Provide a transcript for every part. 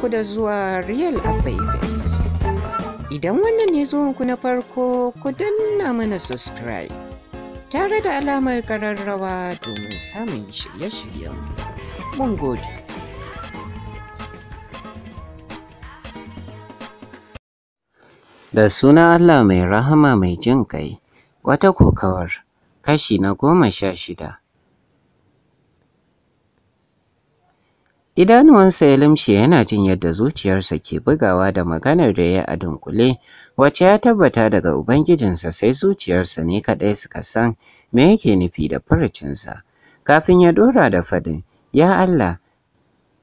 ku da zuwa Real Abavis. Idan wannan ne zuwanku na farko ku danna mana subscribe tare da alamar kararrawa domin samun shirye-shiryen mun gode. Da suna Allah mai rahama mai jin kai, wata kokawar, kashi na goma sha shida. Idanuwansa ya limshe yana jin yadda zuciyarsa ke bugawa da maganar da ya a dunkule, wacce ya tabbata daga Ubangijinsa sai zuciyarsa ne kadai suka san me yake nufi da farcinsa Kafin ya dora da faɗin, Ya Allah,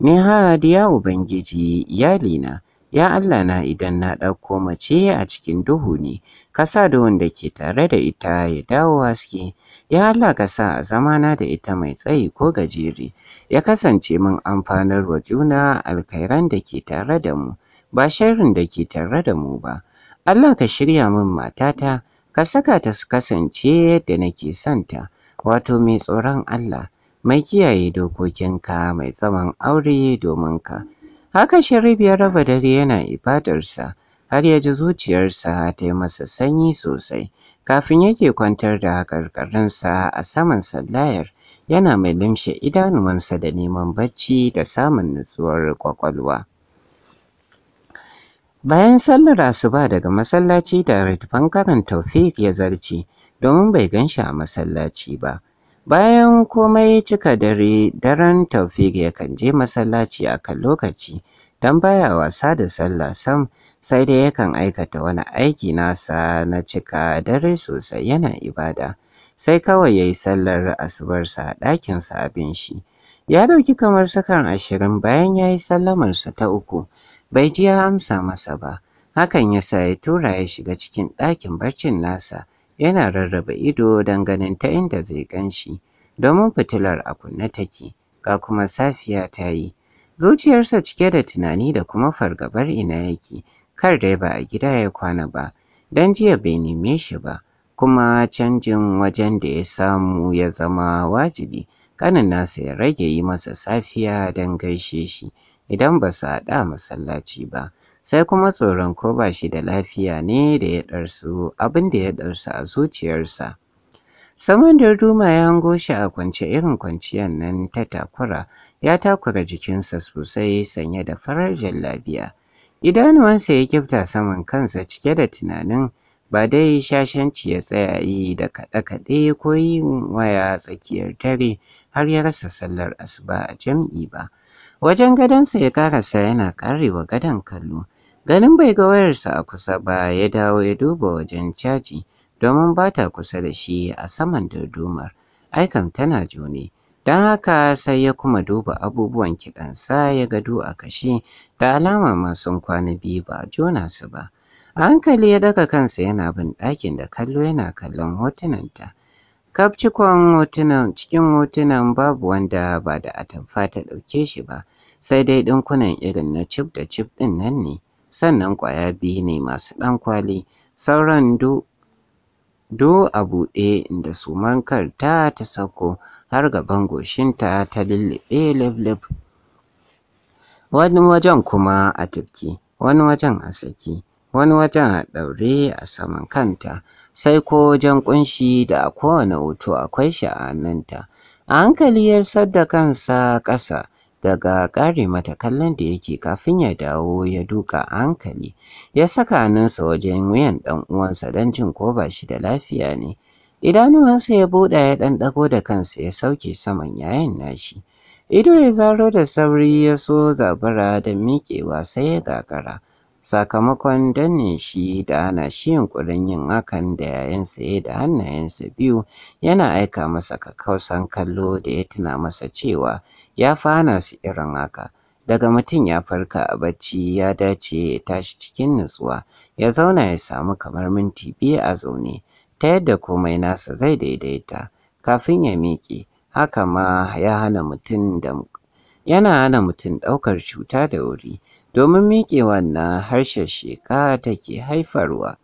ni ha ya Ubangiji iyalina, ya Allah na idan na ɗauko mace a cikin duhu ne, ka sa duhun da ke tare da ita ya dawo haske, ya Allah ka sa a zamana da ita mai tsayi ko gajere. ya kasance mun amfanar wa juna alkhairan da ke tare da mu ba sharrin da ke tare da mu ba Allah ka shirya min matata ka saka ta su kasance yadda nake santa wato mai tsoron Allah mai kiyaye dokokinka mai tsaman aure domin ka haka sharif ya raba dare yana ibadarsa har ya ji zuciyarsa ta yi masa sanyi sosai kafin yake kwantar da haƙarƙarinsa a saman sallayar yana mai limshe idanuwansa da neman bacci da samun nutsuwar kwakwalwa. Bayan sallar ba daga masallaci da bangaren Taufik ya zarci, domin bai gan shi a masallaci ba. Bayan komai cika dare daren Taufik yakan je masallaci a kan lokaci don baya wasa da sallah sam sai dai yakan aikata wani aiki nasa na cika dare sosai yana ibada. sai kawai ya yi sallar asubarsa a ɗakinsa abin shi. Ya ɗauki kamar sakan ashirin bayan ya yi sallamarsa ta uku, bai ji ya amsa masa ba, hakan ya sa ya tura ya shiga cikin ɗakin barcin nasa, yana rarraba ido don ganin ta inda zai ganshi, domin fitilar a kunne take, ga kuma safiya ta yi. Zuciyarsa cike da tunani da kuma fargabar ina yake, kar dai ba a gida ya kwana ba, don jiya bai neme shi ba. kuma canjin wajen da ya samu ya zama wajibi kanin nasa ya rage yi masa safiya don gaishe shi idan ba su haɗa masallaci ba sai kuma tsoron ko ba shi da lafiya ne da ya ɗarsu abin da ya ɗarsu a zuciyarsa saman darduma ya hango shi a kwance irin kwanciyar nan ta takura ya takura jikinsa sosai sanye da farar jallabiya idanuwansa ya kifta saman kansa cike da tunanin ba dai shashanci ya tsaya yi da kaɗe-kaɗe ko yin waya tsakiyar dare har ya rasa sallar asuba a jam'i ba. Wajen gadonsa ya karasa yana karewa gadon kallo. Ganin bai ga wayarsa a kusa ba ya dawo ya duba wajen caji domin ba ta kusa da shi a saman dardumar. Aikam tana jone. Don haka sai ya kuma duba abubuwan kiɗansa ya gado a kashe da alama ma sun kwana biyu ba a jona su ba. hankali ya daga kansa yana bin ɗakin da kallo yana kallon hotunanta. Kafcikon hotunan cikin hotunan babu wanda ba da atamfa ta ɗauke shi ba, sai dai ɗinkunan irin na cif da cif ɗin nan ne, sannan ƙwaya biyu ne masu ɗan kwali, sauran du do a buɗe inda suman karta ta sako har gaban goshinta ta lullube lablab. Wani wajen kuma a tafki, wani wajen a saki. wani wajen a ɗaure a saman kanta, sai ko wajen ƙunshi da a kowane wuto akwai sha'aninta a hankali ya da kansa ƙasa daga ƙare mata kallon da yake kafin ya dawo ya duka a hankali. Ya saka hannunsa wajen wuyan ɗan uwansa don jin ko ba shi da lafiya ne. Idanuwansa ya buɗa ya ɗan ɗago da kansa ya sauke saman yayin nashi. Ido ya zaro da sauri ya so zabara da miƙewa sai ya gagara. sakamakon danne shi da hana shi yunƙurin yin hakan da yayansa ya da hannayensa biyu yana aika masa kakkausan kallo da ya tuna masa cewa ya fana su irin haka daga mutum ya farka a bacci ya dace ya tashi cikin nutsuwa ya zauna ya samu kamar minti biyu a zaune ta yadda komai nasa zai daidaita kafin ya miƙe haka ma ya hana mutum da yana hana mutum ɗaukar cuta da wuri domin miƙe wannan, harshen sheƙa take haifarwa.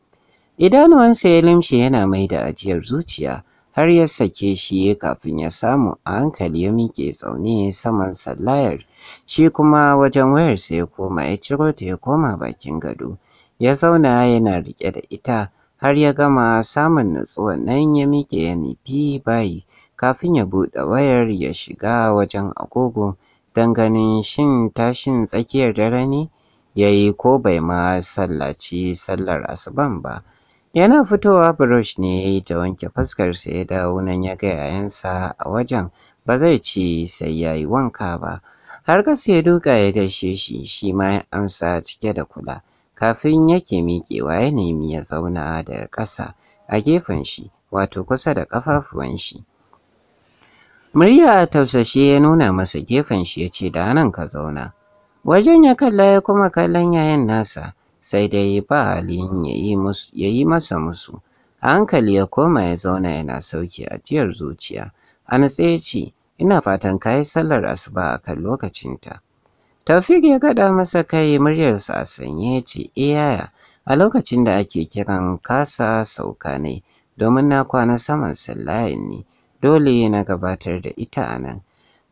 Idanuwansa ya limshi yana mai da ajiyar zuciya har ya sake shi kafin ya samu a hankali ya miƙe tsaune saman sallayar shi kuma wajen wayarsa ya koma ya ciro ta ya koma bakin gado ya zauna yana riƙe da ita har ya gama samun nutsuwa nan ya miƙe ya nufi bayi kafin ya buɗe wayar ya shiga wajen agogo don ganin shin tashin tsakiyar dare ne ya yi ko bai ma sallaci sallar asuban ba. Yana fitowa burush ne ta wanke fuskarsa ya dawo nan ya ga yayansa a wajen ba zai ci sai ya yi wanka ba. Har gasa ya duka ya gaishe shi shi ma ya amsa cike da kula. Kafin yake miƙewa ya nemi ya zauna da ƙasa a gefen shi wato kusa da ƙafafuwan shi. Murya tausashe ya nuna masa gefen shi ya ce da nan ka zauna. Wajen ya kalla ya kuma kallon yayan nasa sai dai ba halin ya yi masa musu. hankali ya koma ya zauna yana sauki a jiyar zuciya. A natse ya ce, ina fatan ka yi sallar asuba a kan lokacinta. Taufik ya gaɗa masa kai muryarsa a sanye ya ce, e yaya, a lokacin da ake kiran kasa sauka ne, domin na kwana saman sallayin ne. dole na gabatar da ita a nan.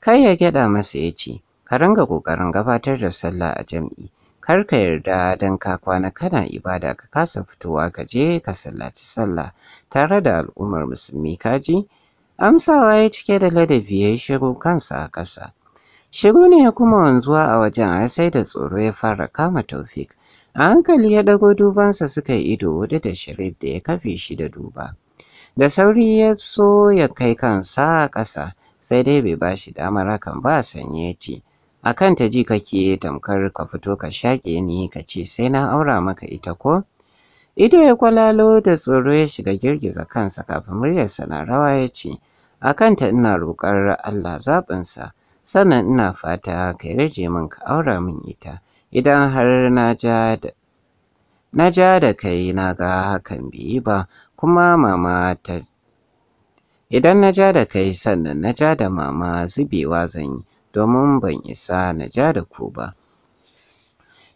Kai ya gyaɗa masa ya ce, ka ringa ƙoƙarin gabatar da sallah a jam'i, kar ka yarda don ka kwana kana ibada ka kasa fitowa ka je ka sallaci sallah tare da al'ummar musulmi kaji. Amsawa ya cike da ladabi ya yi shiru kansa a ƙasa. Shiru ne ya kuma wanzuwa a wajen har sai da tsoro ya fara kama Taufik. A hankali ya ɗago dubansa suka yi ido wadda da Sharif da ya kafe shi da duba. Da sauri ya so ya kai kansa a ƙasa, sai dai bai ba shi damar hakan ba sanye ya ce, A kan ta ji kake tamkar ka fito ka shaƙe ni ka ce sai na aura maka ita ko? Ido ya kwalalo da tsoro ya shiga girgiza kansa kafin muryarsa na rawa ya ce, A kanta ina roƙar Allah zaɓinsa, sannan ina fata ka yarje min ka aura min ita, idan har na ja da kai na ga hakan biyu ba kuma mama ta idan na ja da kai sannan na ja da mama zubewa zan yi domin ban isa na ja da ku ba.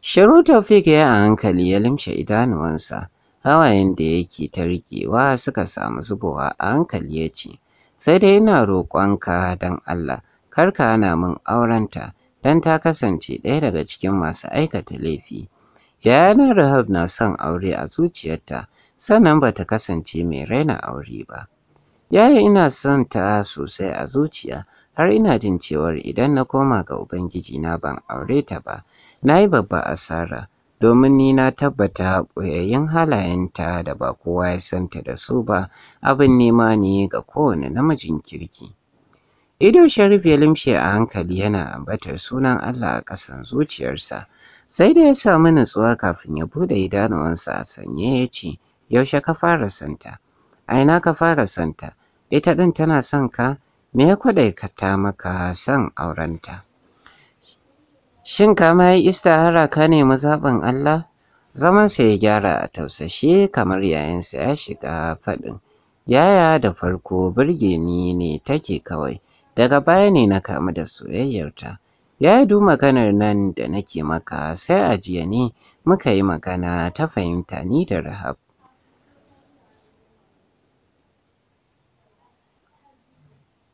Shiru Taufik ya a hankali ya limshe idanuwansa, hawayen da yake ta riƙewa suka samu zubowa a hankali ya ce, Sai dai ina roƙonka don Allah, kar ka hana min aurenta don ta kasance ɗaya daga cikin masu aikata laifi. yayanin Rahab na son aure a zuciyarta, sannan ba ta kasance mai raina aure ba. Yaya ina son ta sosai a zuciya har ina jin cewar idan na koma ga Ubangiji na ban aure ta ba, na yi babba asara domin ni na tabbata halayen halayenta da ba kowa ya santa da su ba abin nema ne ga kowane namijin kirki. Ido Sharif ya limshe a hankali yana ambatar sunan Allah a ƙasan zuciyarsa, sai da ya samu nutsuwa kafin ya buɗe idanuwansa a sanye ya ce, yaushe ka fara santa a ina ka fara santa ita ɗin tana son ka me ya ta maka son aurenta shin ka ma yi istihara ka nemi zaɓin Allah Zaman sa ya gyara a tausashe kamar yayansa ya shiga faɗin yaya da farko birge ni ne take kawai daga baya ne na kamu da soyayyarta ya yi maganar nan da nake maka sai a jiya ne muka yi magana ta fahimta ni da rahab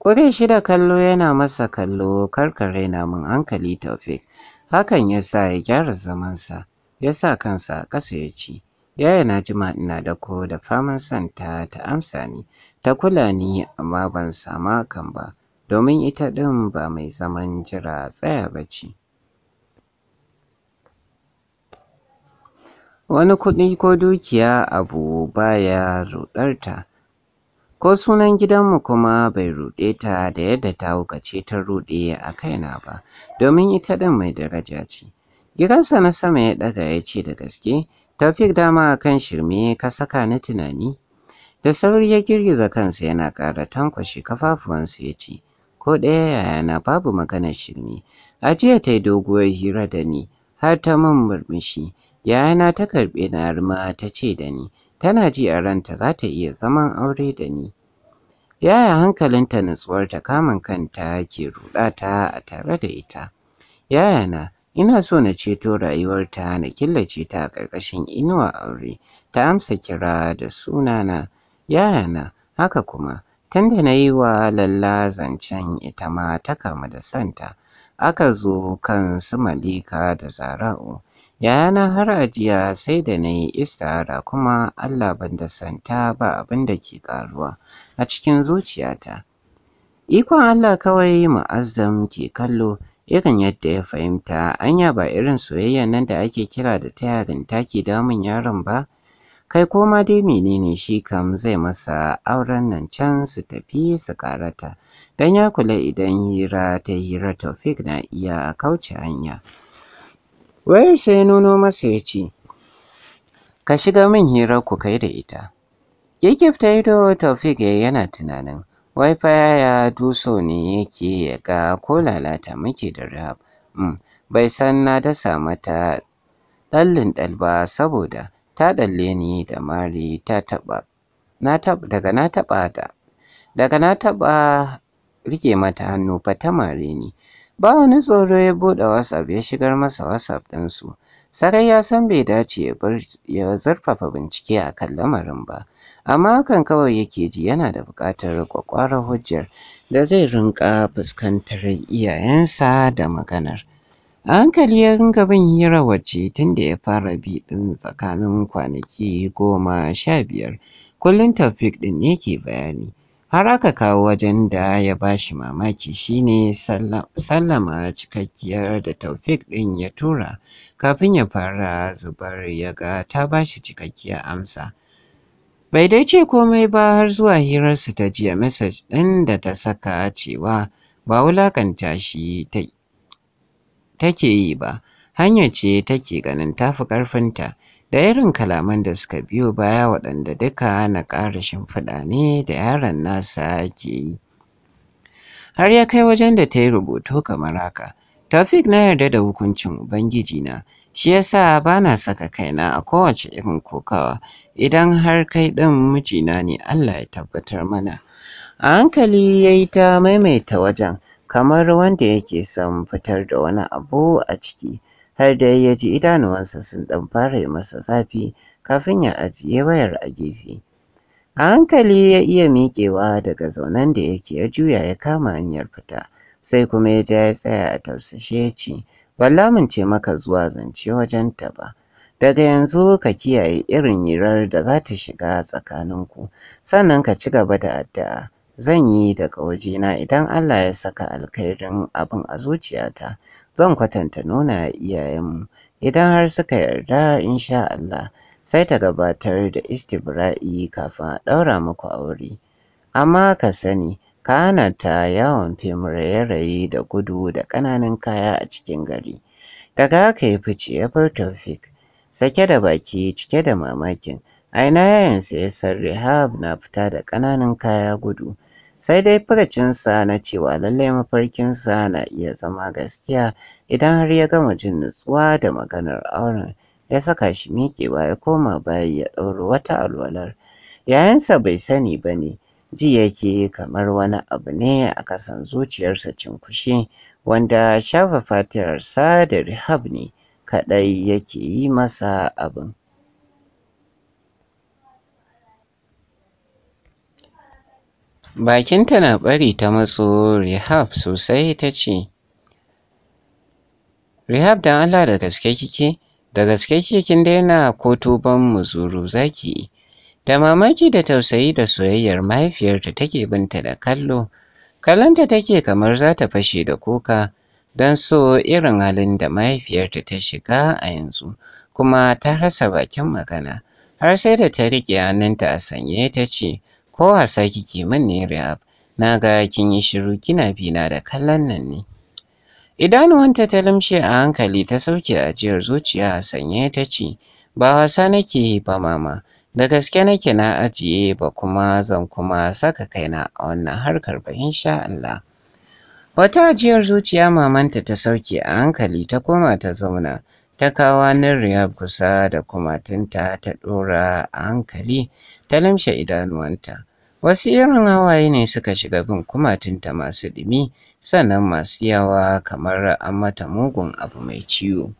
Kuri shida kallo yana masa kallo karkare na mun hankali Taufik. Hakan ya sa ya gyara zamansa, ya sa kansa a ƙasa ya ci. Yaya na jima ina da ko da faman santa ta amsa ni, ta kula ni amma ban sama kan ba, domin ita ɗin ba mai zaman jira tsaya ba ce. Wani kuɗi ko dukiya abu baya ruɗarta. ko sunan gidanmu kuma bai ruɗe ta da yadda ta wukace ta ruɗe a kaina ba domin ita ɗin mai daraja ce gidansa na sama ya ɗaga ya ce da gaske tafik dama kan shirme ka saka na tunani da sauri ya girgiza kansa yana ƙara tankwashe kafafuwansa ya ce ko ɗaya yayana babu maganar shirme a jiya ta yi doguwar hira da ni har ta min murmushi yayana ta karɓi na ta ce da ni Tana ji a ranta za ta iya zaman aure da ni. Yaya hankalinta ta kamun kanta ke ruɗa ta a tare da ita. Yaya na, ina so na ceto rayuwarta na killace ta a ƙarƙashin inuwa aure. Ta amsa kira da sunana. Yaya na, haka kuma, tunda na yi wa lalla zancen ita ma ta kamu da santa. aka zo kan su Malika da Zara'u Yayana har a sai da na yi istihara kuma Allah ban da santa ba abin da ke ƙaruwa a cikin zuciyata. Ikon Allah kawai mu'azzam ke kallo irin yadda ya fahimta anya ba irin soyayya nan da ake kira da ta yarinta damun yaron ba. Kai koma dai menene shi kam zai masa auren nan can su tafi su karata. don ya kula idan hira ta hira tofik na iya kauce hanya. Wai ya nuno masa ya ce ka shiga min hirar ku kai da ita ta ido taufik yana tunanin Wai fa ya duso ne yake ya ga ko lalata muke da rahab mm, bai san na dasa mata ɗallin ɗal ba saboda ta ɗalle ni da mari ta taɓa daga na taɓa ta daga na taɓa rike mata hannu fa ta mare ni Ba wani tsoro ya buɗe WhatsApp ya shigar masa WhatsApp ɗinsu. Sarai ya san bai dace ya zarfafa bincike a kan lamarin ba, amma hakan kawai yake ji yana da buƙatar kwakwarar hujjar da zai rinƙa fuskantar iyayensa da maganar. A hankali ya ringa bin hira wacce tun da ya fara bi ɗin tsakanin kwanaki goma sha biyar, kullum Taufik ɗin yake bayani. har aka kawo wajen da ya bashi mamaki shine sallama cikakkiyar da taufik ɗin ya tura kafin ya fara zubar ya ga ta bashi cikakkiyar amsa bai dai ce komai ba har zuwa hirarsu ta jiya message ɗin da ta saka cewa ba wulakanta shi take yi ba Hanya ce take ganin tafi ƙarfinta da irin kalaman da suka biyo baya waɗanda duka na ƙara shimfiɗa ne da yaron nasa ke yi. Har ya kai wajen da ta yi rubutu kamar haka, tafik na yarda da hukuncin Ubangiji na, shi yasa ba na saka kaina a kowace irin kokawa idan har kai ɗin mijina ne Allah ya tabbatar mana. A hankali ya yi ta maimaita wajen kamar wanda yake son fitar da wani abu a ciki. har da ya ji idanuwansa sun ɗan fara masa zafi kafin ya ajiye wayar a gefe. A hankali ya iya miƙewa daga zaunen da yake ya juya ya kama hanyar fita, sai kuma ya ja ya tsaya a tausashe ya ce, Balla mun ce maka zuwa zance wajen ta ba. Daga yanzu ka kiyaye irin yirar da za ta shiga tsakaninku, sannan ka ci gaba da addu'a. Zan yi daga wajena idan Allah ya saka alkhairin abin a zuciyata. zan kwatanta nuna iyayenmu idan har suka yarda insha Allah sai ta gabatar da istibra'i kafin a ɗaura muku aure. Amma ka sani ka hana ta yawon fim raye-raye da gudu da ƙananan kaya a cikin gari. Daga haka ya fice ya bar tofik sake da baki cike da mamakin. aina ina sai ya san Rehab na fita da ƙananan kaya gudu. sai dai furcinsa na cewa lallai mafarkinsa na iya zama gaskiya idan har ya gama jin nutsuwa da maganar auren ya saka shi miƙewa ya koma bayi ya ɗauro wata alwalar yayansa bai sani ba ne ji yake kamar wani abu ne a kasan zuciyarsa cinkushe wanda shafa fatiyarsa da rihab ne kaɗai yake yi masa abin Bakinta na bari ta matso Rehab sosai ta ce, Rehab don Allah da gaske kike, da gaske kike kin daina ko tuban muzuru zaki. Da mamaki da tausayi da soyayyar mahaifiyarta take binta da kallo, kallonta take kamar za ta fashe da kuka don so irin halin da mahaifiyarta ta shiga a yanzu, kuma ta rasa bakin magana, har sai da ta riƙe hannunta a sanye ta ce, ko wasa kike min ne Rehab? Na ga kin yi shiru kina bina da kallon nan ne. Idanuwanta ta limshe a hankali ta sauke ajiyar zuciya a sanye ta ce, Ba wasa nake ba mama, da gaske nake na ajiye ba kuma zan kuma saka kaina a wannan harkar ba insha Allah. Wata ajiyar zuciya mamanta ta sauke a hankali ta koma ta zauna, ta kawo nan Riyab kusa da kumatinta ta ɗora a hankali ta limshe idanuwanta. Wasu irin hawaye ne suka shiga bin kumatunta masu ɗumi sannan masu yawa kamar an mata mugun abu mai ciwo.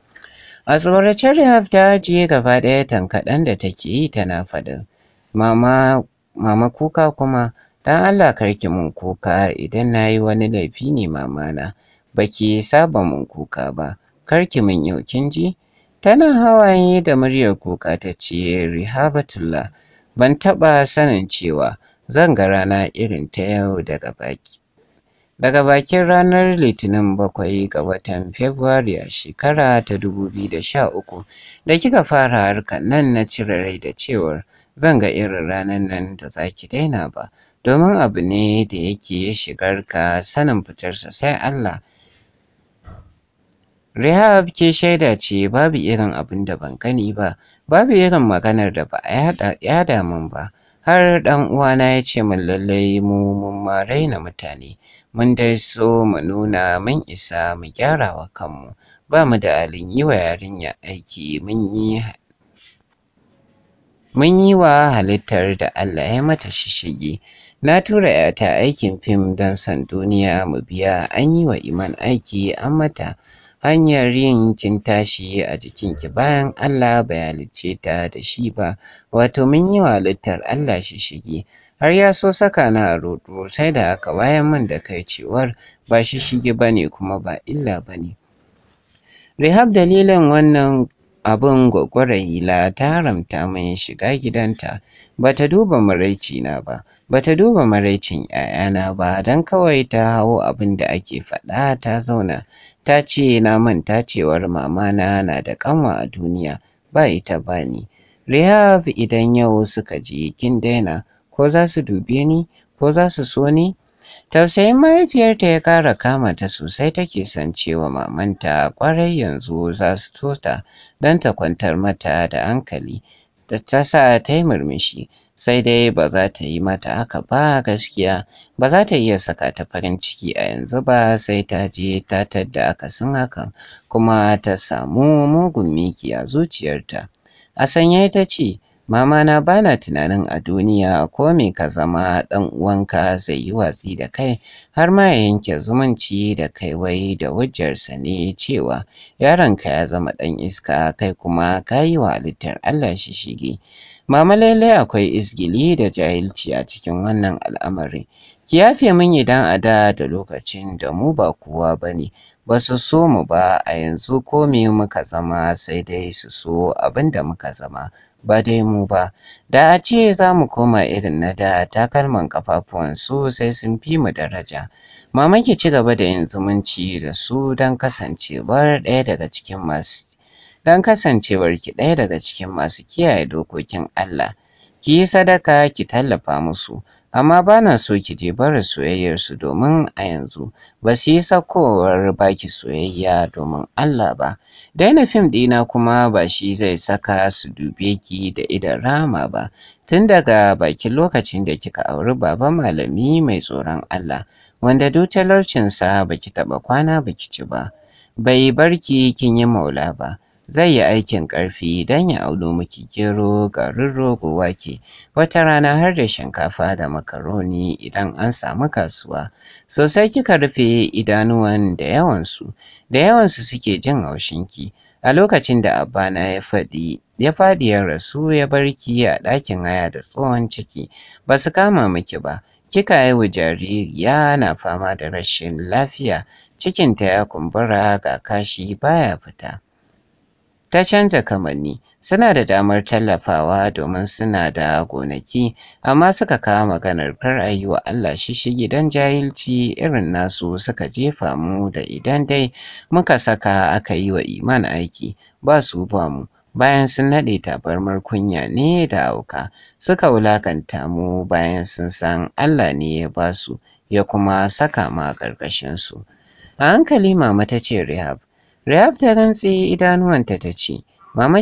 A tsorace Rehab ta ajiye gaba ɗaya tankaɗen da take yi tana faɗin. Mama, mama kuka kuma, don Allah karki mun kuka idan na yi wani laifi ne mamana, ba ki saba mun kuka ba, karki mun yau kin ji? Tana hawaye da muryar kuka ta ce Rehabatullah, ban taɓa sanin cewa zan ga rana irin ta yau daga baki. Daga bakin ranar Litinin bakwai ga watan Fabrairu a shekara ta dubu biyu da sha uku, da kika fara harkar nan na cire rai da cewar zan ga irin ranar nan da za ki daina ba, domin abu ne da yake shigar ka sanin fitarsa sai Allah. Rehab ke shaida ce babu irin abin da ban gani ba, babu irin maganar da ba a yada min ba, har ɗan uwana ya ce min lallai mu mun ma raina mutane mun dai so mu nuna mun isa mu gyara wa kanmu ba mu da alin yi wa yarinya aiki mun yi mun yi wa halittar da Allah ya mata shishige na tura yata aikin fim don san duniya mu biya an yi wa iman aiki an mata hanyar yin kin tashi a jikinki bayan Allah bai halicce ta da shi ba wato mun yi wa halittar Allah shi shige har ya so saka na a rodo sai da aka bayan min da kai cewar ba shi shige ba ne kuma ba illa ba ne. Rehab dalilin wannan abin gwagwarayila ta haramta min shiga gidanta bata duba maraicina ba bata duba maraicin 'ya'yana ba don kawai ta hau abin da ake faɗa ta zauna ta ce na manta cewar mamana na da kanwa a duniya ba ita ba ni. Rehab idan yau suka ji kin daina ko za su dube ni ko za su so ni? Tausayin mahaifiyarta ya ƙara kama ta sosai take son cewa mamanta ƙwarai yanzu za su tota don ta kwantar mata da hankali. Ta sa ta yi murmushi sai dai ba za ta yi mata haka ba gaskiya ba za ta iya saka ta farin ciki a yanzu ba sai ta je ta tadda akasin hakan kuma ta samu mugun miki a zuciyarta a sanya ta ce mama na bana tunanin a duniya ko me ka zama dan uwanka zai yi watsi da kai har ma ya yanke zumunci da kai wai da hujjarsa ne cewa yaronka ya zama dan iska kai kuma ka yi wa halittar Allah shi shige Mama lailai akwai izgili da jahilci a cikin wannan al'amari. Ki yafe min idan a da da lokacin da mu ba kowa ba ne, ba su so mu ba a yanzu ko me muka zama sai dai su so abin da muka zama, ba dai mu ba. Da a ce za mu koma irin na da takalman ƙafafuwansu sai sun fi mu daraja. Mama ki ci gaba da yin zumunci da su don kasancewar ɗaya daga cikin masu don ki ɗaya daga cikin masu kiyaye dokokin Allah. Ki yi sadaka ki tallafa musu, amma ba na so ki je barin soyayyarsu domin a yanzu ba su yi sakowar baki soyayya domin Allah ba. Daina fim ɗina kuma ba shi zai saka su dube ki da idan rama ba, tun daga bakin lokacin da kika auri baba malami mai tsoron Allah, wanda duk talaucinsa baki taɓa kwana baki ci ba. bai barki kin yi maula ba zai yi aikin ƙarfi don ya auno miki gero garin rogo wake wata rana har da shinkafa da makaroni idan an samu kasuwa sosai kika rufe idanuwan da yawansu da yawansu suke jin haushinki a lokacin da abana ya faɗi ya faɗi ya rasu ya bar ki a ɗakin haya da tsohon ciki ba su kama miki ba kika haihu jaririya na fama da rashin lafiya cikinta ya kumbura ga kashi baya fita ta canza kamanni suna da damar tallafawa domin suna da gonaki amma suka kawo maganar kar a yi wa Allah shishigi don jahilci irin nasu suka jefa mu da idan dai muka saka aka yi wa iman aiki ba su ba mu bayan sun naɗe tabarmar kunya ne da auka suka wulakanta mu bayan sun san Allah ne ya ba su ya kuma saka ma ƙarƙashinsu. A hankali mama ta ce Rehab, Rahab ta rantse idanuwanta ta ce, Mama